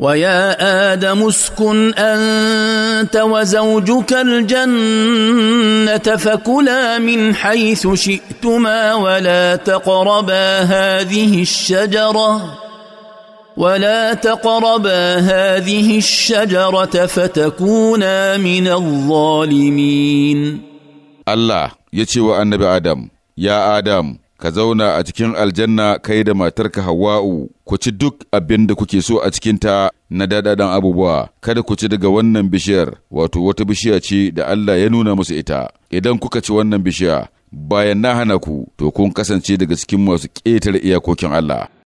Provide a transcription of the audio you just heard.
ويا ادم اسكن انت وزوجك الجنه فكلا من حيث شئتما ولا تقربا هذه الشجره ولا تقربا هذه الشجره فتكونا من الظالمين الله يتي النبي ادم يا ادم ka zauna a cikin aljanna kai da matarka Hawwa'u, ku ci duk abin da kuke so a cikinta na daɗaɗan abubuwa, kada ku ci daga wannan bishiyar, wato wata bishiya ce da Allah ya nuna musu ita, idan kuka ci wannan bishiya, bayan na hana ku, to kun kasance daga cikin masu ƙetare iyakokin Allah.